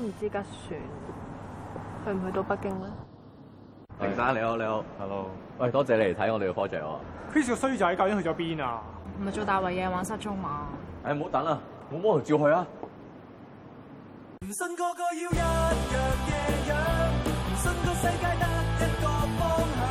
唔知架船去唔去到北京咧？平生你好，你好，Hello。喂，多謝你嚟睇我哋嘅 project。Chris 個衰仔究竟去咗邊啊？唔係做大圍嘢玩失蹤嘛？哎，唔好等啦，我摸頭照佢啊！唔信個個要一樣嘅樣，唔信個世界得一個方向。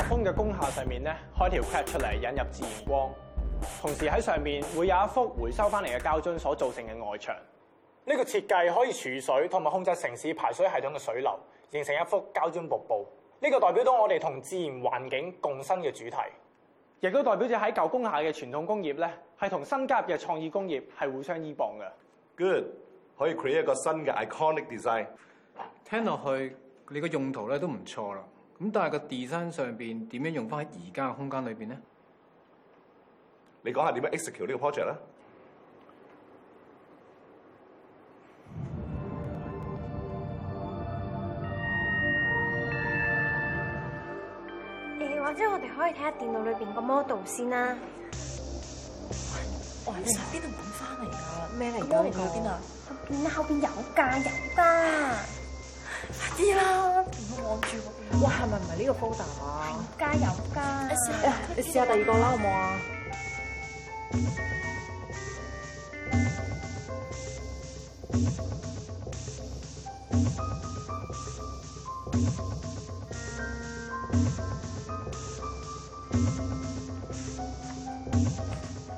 風嘅工廈上面咧，開條 cut 出嚟引入自然光，同時喺上面會有一幅回收翻嚟嘅膠樽所造成嘅外牆。呢個設計可以儲水同埋控制城市排水系統嘅水流，形成一幅膠樽瀑布。呢個代表到我哋同自然環境共生嘅主題，亦都代表住喺舊工廈嘅傳統工業咧，係同新加入嘅創意工業係互相依傍嘅。Good，可以 create 一個新嘅 iconic design 聽。聽落去你個用途咧都唔錯啦。咁但係個 design 上邊點樣用翻喺而家嘅空間裏邊咧？你講下點樣 execute 呢個 project 啦？誒，或者我哋可以睇下電腦裏邊個 model 先啦。哇！呢啲邊度搵翻嚟噶？咩嚟噶？邊度邊啊？邊啊、那個！後邊有噶有噶。快啲啦，唔好望住我。哇，係咪唔係呢個 folder 啊？加油加、哎！你試下第二個啦，好冇啊？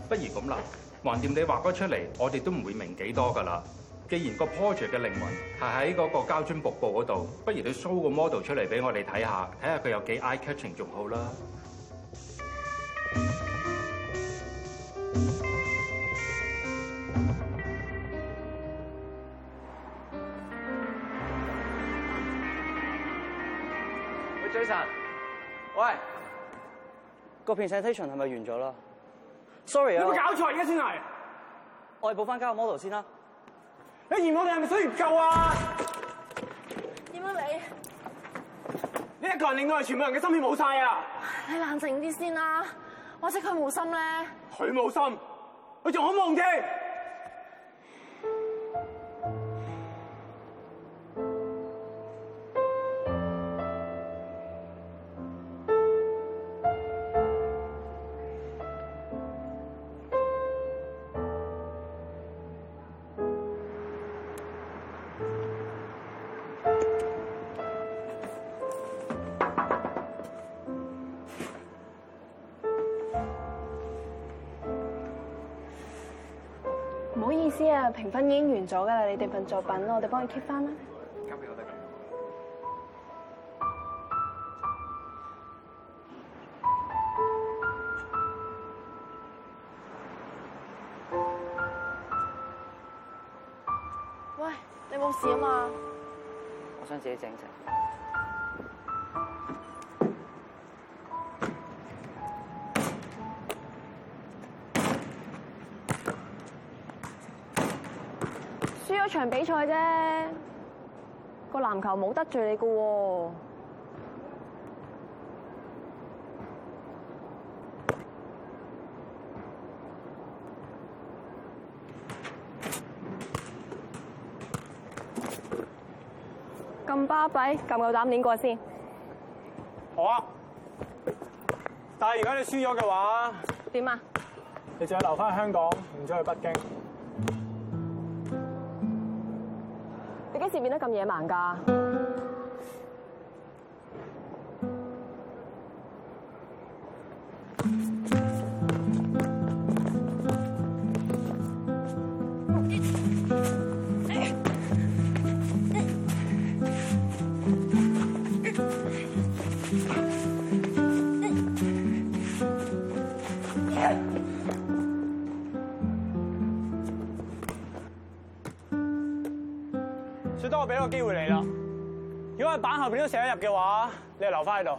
不如咁啦，橫掂你畫不出嚟，我哋都唔會明幾多噶啦。既然個 project 嘅靈魂係喺嗰個膠樽瀑布嗰度，不如你 show 個 model 出嚟俾我哋睇下，睇下佢有幾 eye catching 仲好啦。喂，Jason，喂，個 presentation 係咪完咗啦？Sorry 啊！你冇搞錯而家先嚟，我哋補翻交個 model 先啦。你嫌我哋係咪水唔夠啊？點啊樣你？你呢一個人令到我哋全部人嘅心血冇晒啊！你冷靜啲先啦，或者佢冇心咧。佢冇心，佢仲好忙添。知啊，評分已經完咗噶啦。你哋份作品，我哋幫你 keep 翻啦。交俾我得㗎。喂，你冇事啊嘛？我想自己整齊。輸咗場比賽啫，個籃球冇得罪你噶喎，咁巴閉，咁夠膽點過先。好啊，但係如果你輸咗嘅話，點啊？你仲要留翻香港，唔出去北京。似變得咁野蠻㗎。機會嚟啦！如果板後面都射得入嘅話，你就留在這度。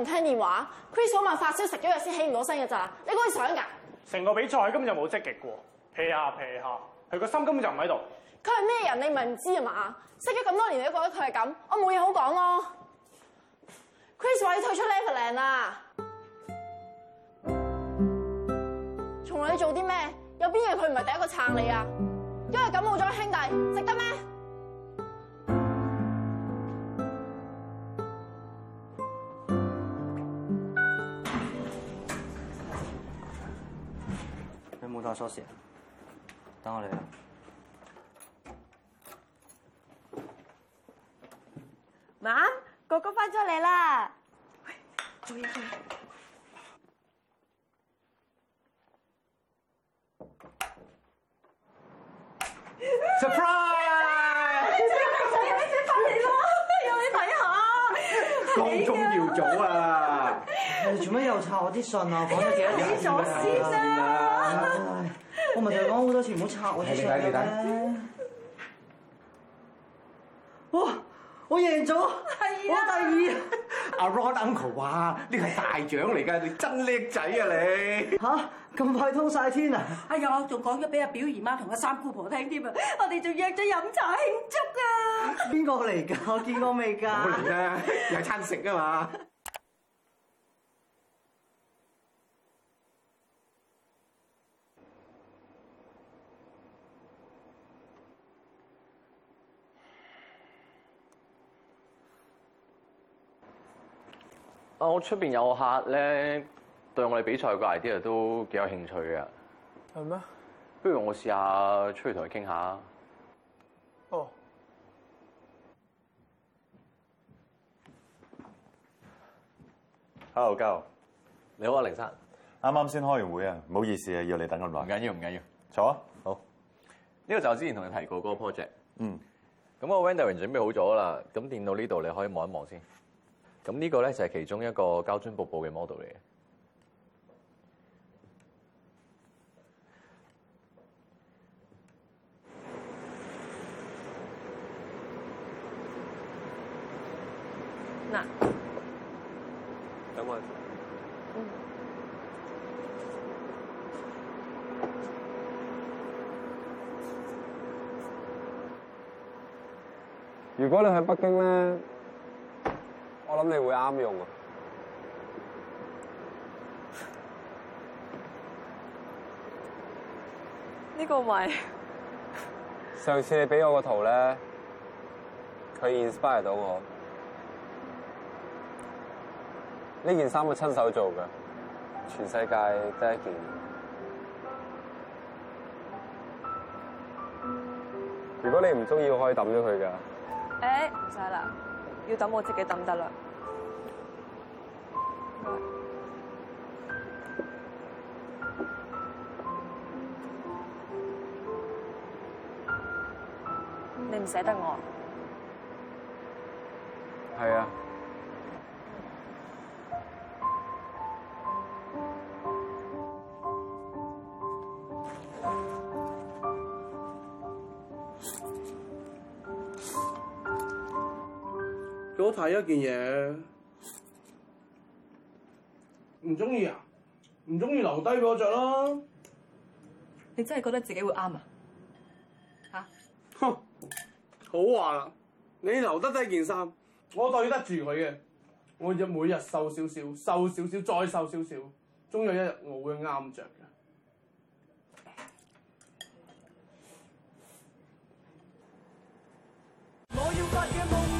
唔聽電話，Chris 嗰晚發燒食咗藥先起唔到身嘅咋，你嗰以想噶？成個比賽根本就冇積極嘅，屁下、啊、屁下、啊，佢個心根本就唔喺度。佢係咩人你唔係唔知啊嘛？識咗咁多年你都覺得佢係咁，我冇嘢好講咯。Chris 話要退出 Leveling 啦，從來你做啲咩，有邊嘢佢唔係第一個撐你啊？因為咁冇咗，兄弟，值得咩？有瑣事，等我嚟啊！媽，哥哥翻咗嚟啦！注意注意 Surprise！你做咩唔睇 啊？ 你寫翻嚟要你睇下。光宗耀祖啊！你做咩又拆我啲信啊？講咗幾多年啦？你唔係啊？ 我咪就講好多次唔好拆我啲出嚟咩？哇、哦！我贏咗，係、我第二阿 Rod Uncle，哇！呢個係大獎嚟噶，你真叻仔啊你！吓咁快通晒天啊！哎呀，仲講咗俾阿表姨媽同阿三姑婆聽添啊！我哋仲約咗飲茶慶祝啊！邊個嚟噶？我見過未噶？嚟 啦，有餐食噶嘛？啊、哦！我出面有個客咧，對我哋比賽個 idea 都幾有興趣嘅。係咩？不如我試下出去同佢傾下、oh. Hello，go 你好啊，凌生。啱啱先開完會啊，唔好意思啊，要你等咁耐。唔緊要，唔緊要。坐啊，好。呢、呢個就係我之前同你提過嗰個 project。嗯。咁個 rendering 準備好咗啦，咁電腦呢度你可以望一望先。咁呢個咧就係其中一個膠樽瀑布嘅 model 嚟嘅。嗱，如果你喺北京咧？我諗你會啱用啊！呢個唔係。上次你俾我個圖咧，佢 inspire 到我。呢件衫我親手做噶全世界第一件。如果你唔中意，我可以抌咗佢噶。誒，唔使啦。要等我自己等得啦，你唔捨得我。係一件嘢，唔中意啊！唔中意留低嗰着啦。你真係覺得自己會啱啊？嚇！哼，好話啦、啊，你留得低件衫，我對得住佢嘅。我就每日瘦少少，瘦少少再瘦少少，終有一日我會啱着嘅。我要發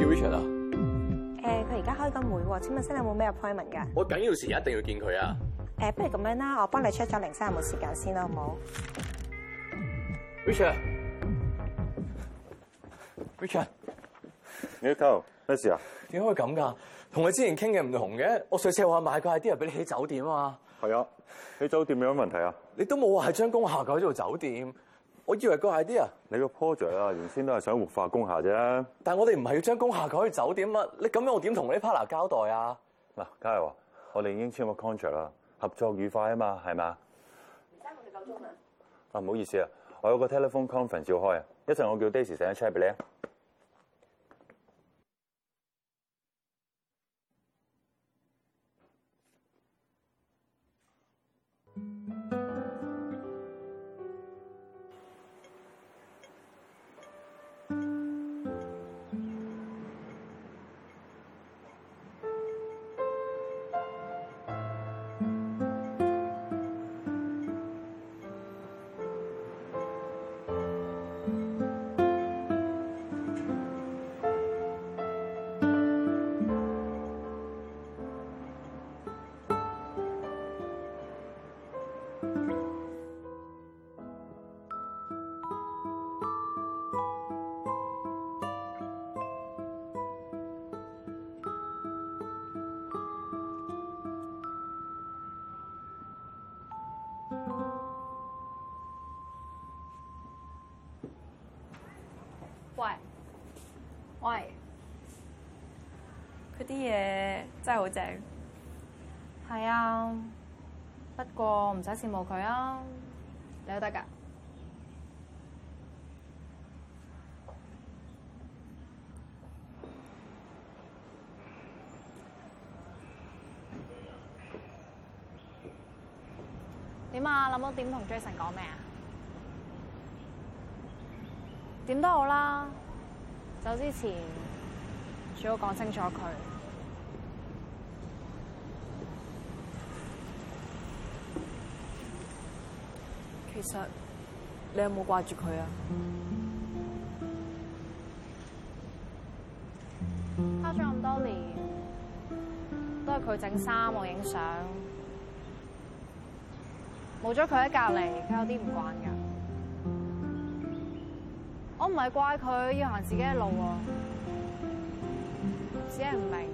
叫 Richard 啊！誒，佢而家開緊會喎，請問先生有冇咩 appointment 㗎？我要緊要事，一定要見佢啊！誒、uh，不如咁樣啦，我幫你 check 咗零三有冇時間先啦，好唔好？Richard，Richard，你好，咩事啊？點解會咁㗎？同我之前傾嘅唔同嘅，我上次話買嘅係啲人俾你起酒店啊嘛。係啊，起酒店有咩問題啊？你都冇話係將工下改做酒店。我以為個 idea，你個 project 啊，原先都係想活化工廈啫。但係我哋唔係要將工廈改去酒店啊！你咁樣我點同你 partner 交代啊？嗱，嘉佑，我哋已經簽個 contract 啦，合作愉快啊嘛，係嘛？而家我哋夠鍾啦。啊，唔好意思啊，我有個 telephone conference 要開，一陣我叫 Daisy 寫張 check 俾你啊。真係好正，係啊，不過唔使羨慕佢啊，你都得噶。點啊，諗到點同 Jason 講咩啊？點都好啦，走之前最好講清楚佢。其實你有冇掛住佢啊？花咗咁多年，都係佢整衫我影相，冇咗佢喺隔籬，佢有啲唔慣噶。我唔係怪佢要行自己嘅路啊，只係唔明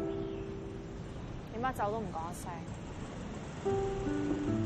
點解走都唔講一聲。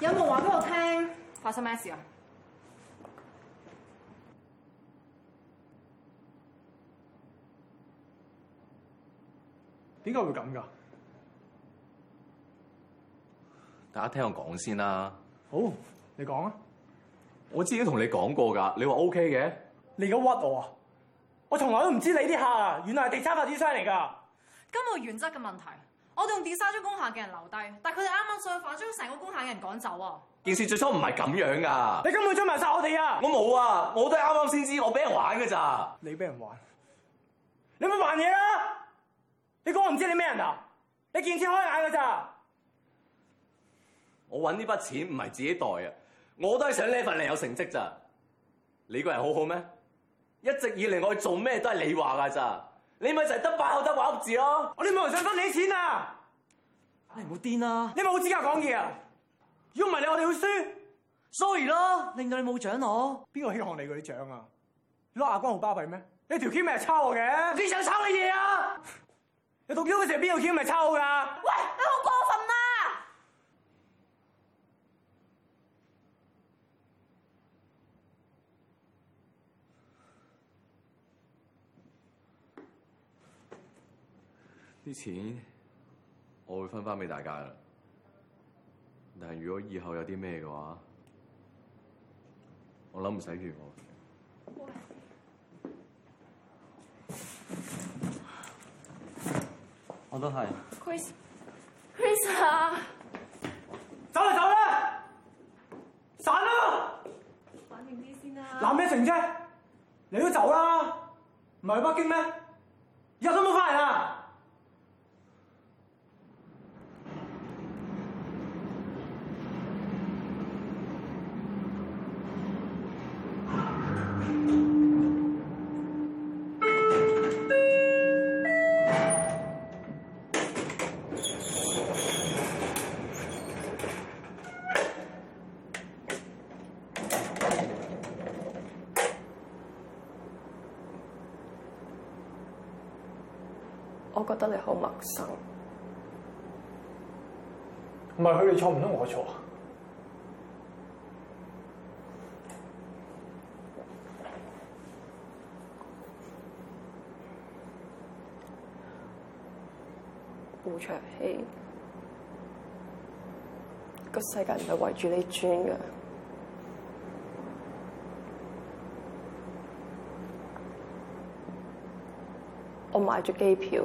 有冇話俾我聽？發生咩事啊？點解會咁噶大家聽我講先啦。好，你講啊。我自己同你講過噶，你話 OK 嘅。你而家屈我？啊。我從來都唔知你啲客啊，原來係地產發展商嚟噶。金融原則嘅問題。我仲點殺咗工行嘅人留低，但係佢哋啱啱上去反將成個工行嘅人趕走啊！件事最初唔係咁樣噶，你根本追埋晒我哋呀！我冇啊，我都係啱啱先知，我俾人玩噶咋？你俾人玩？你咪扮嘢啦！你講我唔知你咩人啊？你見錢開眼噶咋？我搵呢筆錢唔係自己袋啊，我都係想呢份嚟有成績咋？你個人好好咩？一直以嚟我做咩都係你話噶咋？你咪就係得八口得畫噏字咯！我哋冇人想分你錢啊！你唔好癲啊，你冇資格講嘢啊！如果唔係你，我哋會輸。Sorry 咯，令到你冇獎我。邊個希望你嗰啲獎啊？你攞亞軍好巴閉咩？你條 k 咪係抄我嘅？你想抄你嘢啊？你讀 Q 嘅時候邊條 k 咪係抄㗎？喂！你好過分啊！啲錢，我會分翻俾大家啦。但係如果以後有啲咩嘅話，我諗唔使怨我。我都係。Chris，Chris Chris 啊！走啦走啦，散啦！反完啲先啦，啊。攬咩情啫？你都走啦，唔係去北京咩？日都冇翻。真係好陌生，唔係佢哋錯，唔通我錯啊？無長氣，個世界唔係圍住你轉嘅。我買咗機票。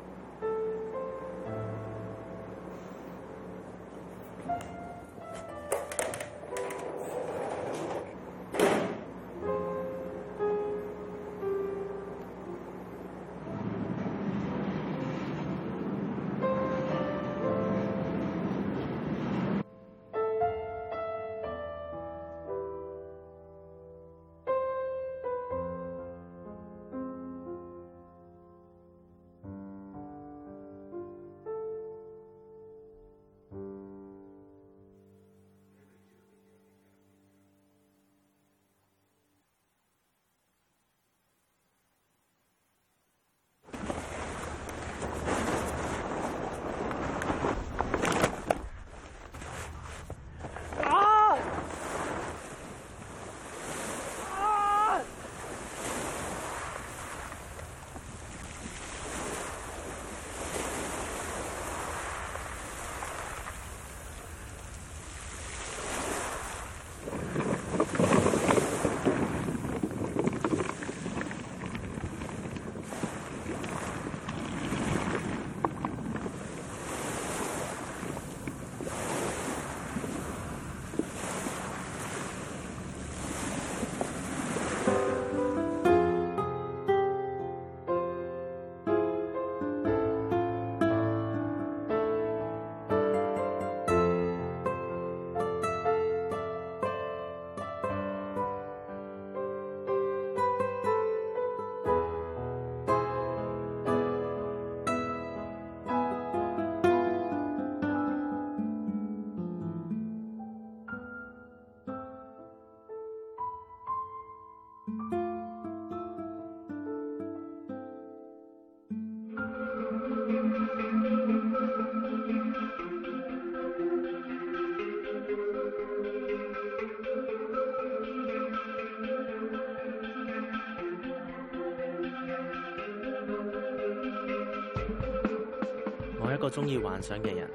中意幻想嘅人，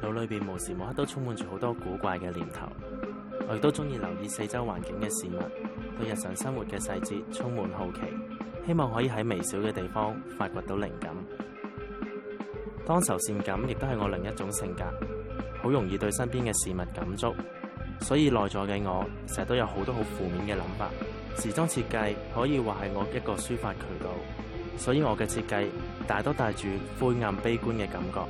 腦裏邊無時無刻都充滿住好多古怪嘅念頭，我亦都中意留意四周環境嘅事物，對日常生活嘅細節充滿好奇，希望可以喺微小嘅地方發掘到靈感。多愁善感亦都係我另一種性格，好容易對身邊嘅事物感觸，所以內在嘅我成日都有好多好負面嘅諗法。時裝設計可以話係我一個抒發渠道。所以我嘅設計大多帶住灰暗悲觀嘅感覺。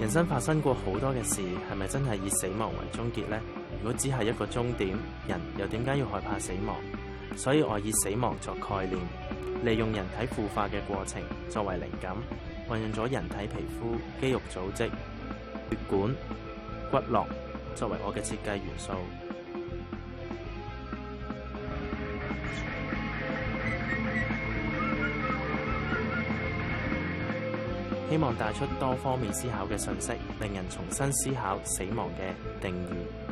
人生發生過好多嘅事，係咪真係以死亡為終結呢？如果只係一個終點，人又點解要害怕死亡？所以我以死亡作概念，利用人體腐化嘅過程作為靈感，運用咗人體皮膚、肌肉組織、血管、骨骼作為我嘅設計元素。希望帶出多方面思考嘅訊息，令人重新思考死亡嘅定義。